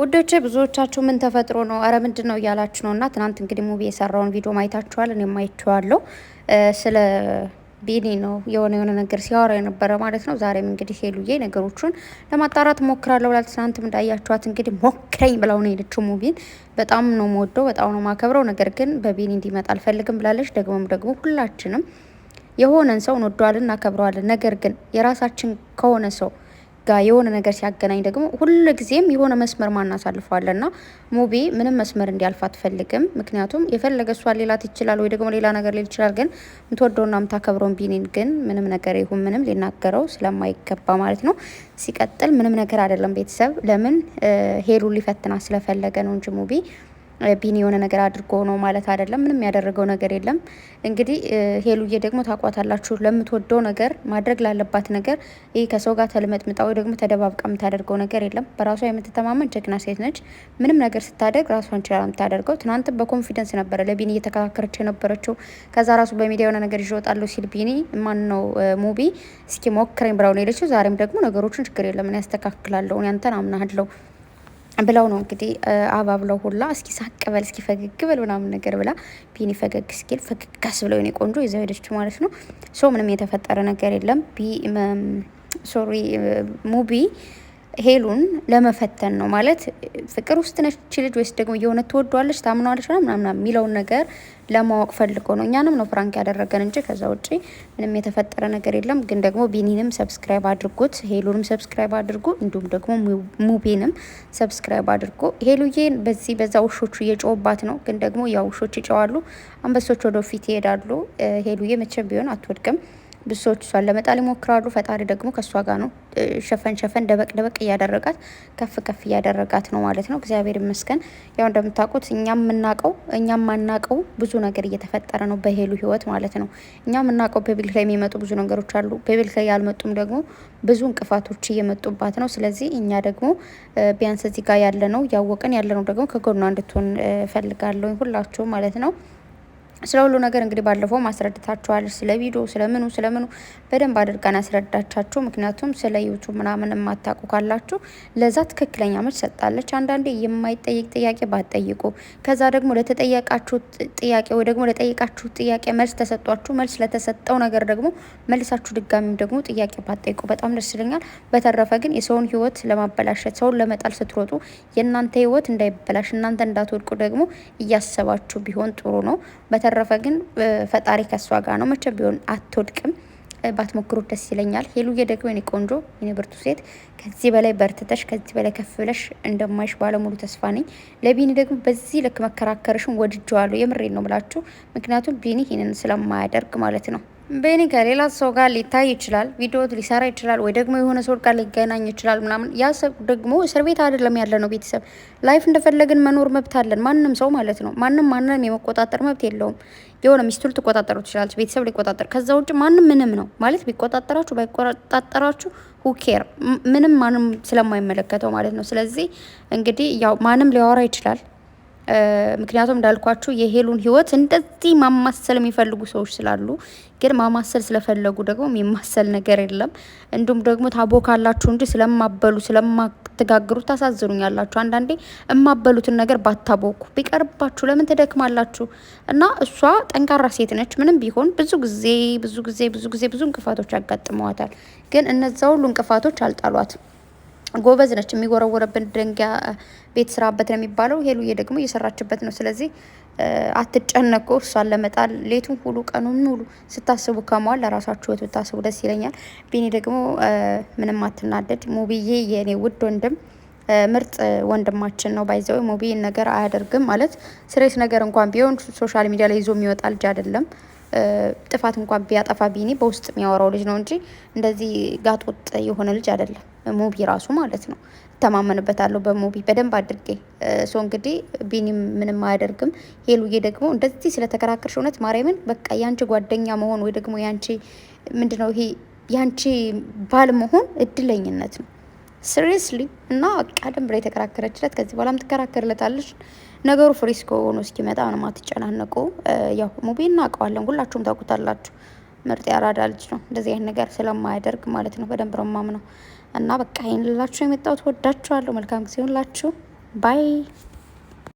ውዶቼ ብዙዎቻችሁ ምን ተፈጥሮ ነው አረ ምንድን ነው እያላችሁ ነው። እና ትናንት እንግዲህ ሙቪ የሰራውን ቪዲዮ ማየታችኋል። እኔ አይቼዋለሁ። ስለ ቢኒ ነው የሆነ የሆነ ነገር ሲያወራ የነበረ ማለት ነው። ዛሬም እንግዲህ ሄሉዬ ነገሮቹን ለማጣራት ሞክራለሁ ብላል። ትናንትም እንዳያችኋት እንግዲህ ሞክረኝ ብላው ነው የሄደችው። ሙቪን በጣም ነው መወደው፣ በጣም ነው ማከብረው፣ ነገር ግን በቢኒ እንዲመጣ አልፈልግም ብላለች። ደግሞም ደግሞ ሁላችንም የሆነን ሰው እንወደዋለን፣ እናከብረዋለን። ነገር ግን የራሳችን ከሆነ ሰው ጋር የሆነ ነገር ሲያገናኝ ደግሞ ሁሉ ጊዜም የሆነ መስመር ና ሙቢ ምንም መስመር እንዲያልፍ አትፈልግም። ምክንያቱም የፈለገ እሷ ሌላት ይችላል ወይ ደግሞ ሌላ ነገር ሊል ይችላል። ግን ምትወደውና ምታከብረውን ቢኒን ግን ምንም ነገር ይሁን ምንም ሊናገረው ስለማይገባ ማለት ነው። ሲቀጥል ምንም ነገር አይደለም ቤተሰብ ለምን ሄሉ ሊፈትና ስለፈለገ ነው እንጂ ሙቢ ቢኒ የሆነ ነገር አድርጎ ነው ማለት አይደለም። ምንም ያደረገው ነገር የለም። እንግዲህ ሄሉዬ ደግሞ ታቋታላችሁ፣ ለምትወደው ነገር ማድረግ ላለባት ነገር ይህ ከሰው ጋር ተልመጥምጣ ወይ ደግሞ ተደባብቃ የምታደርገው ነገር የለም። በራሷ የምትተማመን ጀግና ሴት ነች። ምንም ነገር ስታደርግ ራሷን ችላ የምታደርገው። ትናንት በኮንፊደንስ ነበረ ለቢኒ እየተከራከረች የነበረችው። ከዛ ራሱ በሚዲያ የሆነ ነገር ይዤ ሲል ቢኒ ማን ነው ሙቢ እስኪ ሞክረኝ ብለው ነው የሄደችው። ዛሬም ደግሞ ነገሮችን ችግር የለም ያስተካክላለሁ፣ ያንተን አምናለሁ ብለው ነው እንግዲህ አባ ብለው ሁላ እስኪ ሳቅ በል እስኪ ፈገግ በል ምናምን ነገር ብላ ቢኒ ፈገግ እስኪል ፈገግ ብለው የኔ ቆንጆ ይዘው ሄደች ማለት ነው። ሶ ምንም የተፈጠረ ነገር የለም። ሶሪ ሙቢ ሄሉን ለመፈተን ነው ማለት ፍቅር ውስጥ ነች ልጅ ወይስ ደግሞ የሆነ ትወዷለች ታምነዋለች ና ምናምና የሚለውን ነገር ለማወቅ ፈልጎ ነው። እኛንም ነው ፍራንክ ያደረገን እንጂ ከዛ ውጭ ምንም የተፈጠረ ነገር የለም። ግን ደግሞ ቢኒንም ሰብስክራይብ አድርጎት፣ ሄሉንም ሰብስክራይብ አድርጎ፣ እንዲሁም ደግሞ ሙቢንም ሰብስክራይብ አድርጎ። ሄሉዬን በዚህ በዛ ውሾቹ እየጮባት ነው። ግን ደግሞ ያ ውሾች ይጨዋሉ፣ አንበሶች ወደፊት ይሄዳሉ። ሄሉዬ መቼም ቢሆን አትወድቅም። ብዙ ሰዎች እሷን ለመጣል ይሞክራሉ። ፈጣሪ ደግሞ ከእሷ ጋር ነው። ሸፈን ሸፈን ደበቅ ደበቅ እያደረጋት ከፍ ከፍ እያደረጋት ነው ማለት ነው። እግዚአብሔር ይመስገን። ያው እንደምታውቁት እኛ የምናውቀው እኛ ማናውቀው ብዙ ነገር እየተፈጠረ ነው በሄሉ ህይወት ማለት ነው። እኛ የምናውቀው በቤል ላይ የሚመጡ ብዙ ነገሮች አሉ። በቤል ላይ ያልመጡም ደግሞ ብዙ እንቅፋቶች እየመጡባት ነው። ስለዚህ እኛ ደግሞ ቢያንስ እዚህ ጋር ያለ ነው ያወቅን ያለ ነው ደግሞ ከጎኗ እንድትሆን ፈልጋለሁ ሁላችሁ ማለት ነው። ስለ ሁሉ ነገር እንግዲህ ባለፈው ማስረድታችኋለች። ስለ ቪዲዮ ስለምኑ ስለምኑ በደንብ አድርጋን ያስረዳቻችሁ። ምክንያቱም ስለ ዩቱብ ምናምን የማታውቁ ካላችሁ ለዛ ትክክለኛ መልስ ሰጣለች። አንዳንዴ የማይጠይቅ ጥያቄ ባትጠይቁ፣ ከዛ ደግሞ ለተጠየቃችሁ ጥያቄ ወይ ደግሞ ለጠየቃችሁ ጥያቄ መልስ ተሰጧችሁ፣ መልስ ለተሰጠው ነገር ደግሞ መልሳችሁ ድጋሚም ደግሞ ጥያቄ ባትጠይቁ በጣም ደስ ይለኛል። በተረፈ ግን የሰውን ህይወት ለማበላሸት ሰውን ለመጣል ስትሮጡ የእናንተ ህይወት እንዳይበላሽ እናንተ እንዳትወድቁ ደግሞ እያሰባችሁ ቢሆን ጥሩ ነው። በተረፈ ግን ፈጣሪ ከእሷ ጋር ነው። መቼም ቢሆን አትወድቅም። ባትሞክሩት ደስ ይለኛል። ሄሉዬ ደግሞ የኔ ቆንጆ የኔ ብርቱ ሴት ከዚህ በላይ በርትተሽ ከዚህ በላይ ከፍ ብለሽ እንደማይሽ ባለሙሉ ተስፋ ነኝ። ለቢኒ ደግሞ በዚህ ልክ መከራከርሽን ወድጀዋለሁ። የምሬን ነው ምላችሁ። ምክንያቱም ቢኒ ይህንን ስለማያደርግ ማለት ነው። በእኔ ከሌላ ሰው ጋር ሊታይ ይችላል፣ ቪዲዮ ሊሰራ ይችላል፣ ወይ ደግሞ የሆነ ሰው ጋር ሊገናኝ ይችላል ምናምን። ያ ሰው ደግሞ እስር ቤት አይደለም ያለ ነው። ቤተሰብ ላይፍ እንደፈለግን መኖር መብት አለን፣ ማንም ሰው ማለት ነው። ማንም ማንም የመቆጣጠር መብት የለውም። የሆነ ሚስቱ ልትቆጣጠሩ ትችላለች፣ ቤተሰብ ሊቆጣጠር። ከዛ ውጭ ማንም ምንም ነው ማለት ቢቆጣጠራችሁ ባይቆጣጠራችሁ ሁኬር ምንም ማንም ስለማይመለከተው ማለት ነው። ስለዚህ እንግዲህ ያው ማንም ሊያወራ ይችላል ምክንያቱም እንዳልኳችሁ የሄሉን ህይወት እንደዚህ ማማሰል የሚፈልጉ ሰዎች ስላሉ፣ ግን ማማሰል ስለፈለጉ ደግሞ የሚማሰል ነገር የለም። እንዲሁም ደግሞ ካላችሁ እንጂ ስለማበሉ ስለማትጋግሩ ታሳዝኑኛላችሁ። አንዳንዴ እማበሉትን ነገር ባታቦኩ ቢቀርባችሁ ለምን ትደክማላችሁ? እና እሷ ጠንካራ ሴት ነች። ምንም ቢሆን ብዙ ጊዜ ብዙ ጊዜ ብዙ ጊዜ ብዙ እንቅፋቶች ያጋጥመዋታል። ግን እነዛ ሁሉ እንቅፋቶች አልጣሏትም። ጎበዝ ነች። የሚወረወረብን ድንጋይ ቤት ስራበት ነው የሚባለው። ሄሉዬ ደግሞ እየሰራችበት ነው። ስለዚህ አትጨነቁ። እሷን ለመጣል ሌቱን ሁሉ ቀኑን ሙሉ ስታስቡ ከመዋል ለራሳችሁ ወት ብታስቡ ደስ ይለኛል። ቢኒ ደግሞ ምንም አትናደድ። ሙቢዬ የእኔ ውድ ወንድም ምርጥ ወንድማችን ነው። ባይዘው ሙቢን ነገር አያደርግም ማለት ስሬስ ነገር እንኳን ቢሆን ሶሻል ሚዲያ ላይ ይዞ የሚወጣ ልጅ አይደለም። ጥፋት እንኳን ቢያጠፋ ቢኒ በውስጥ የሚያወራው ልጅ ነው እንጂ እንደዚህ ጋጥ ወጥ የሆነ ልጅ አይደለም። ሙቢ ራሱ ማለት ነው። እተማመንበታለሁ በሙቢ በደንብ አድርጌ ሶ እንግዲህ ቢኒም ምንም አያደርግም። ሄሉዬ ደግሞ እንደዚህ ስለተከራከርሽ እውነት ማርያምን በቃ የአንቺ ጓደኛ መሆን ወይ ደግሞ የአንቺ ምንድነው ይሄ የአንቺ ባል መሆን እድለኝነት ነው ሲሪየስሊ እና ቀደም ብላ የተከራከረችለት ከዚህ በኋላም ትከራከርለታለች። ነገሩ ፍሪስኮ ሆኖ እስኪመጣ ምንም አትጨናነቁ። ያው ሙቢ እናውቀዋለን፣ ሁላችሁም ታውቁታላችሁ። ምርጥ ያራዳ ልጅ ነው። እንደዚህ አይነት ነገር ስለማያደርግ ማለት ነው በደንብ ነው የማምነው። እና በቃ ይህን ልላችሁ የመጣሁት ወዳችኋለሁ። መልካም ጊዜ ሆንላችሁ። ባይ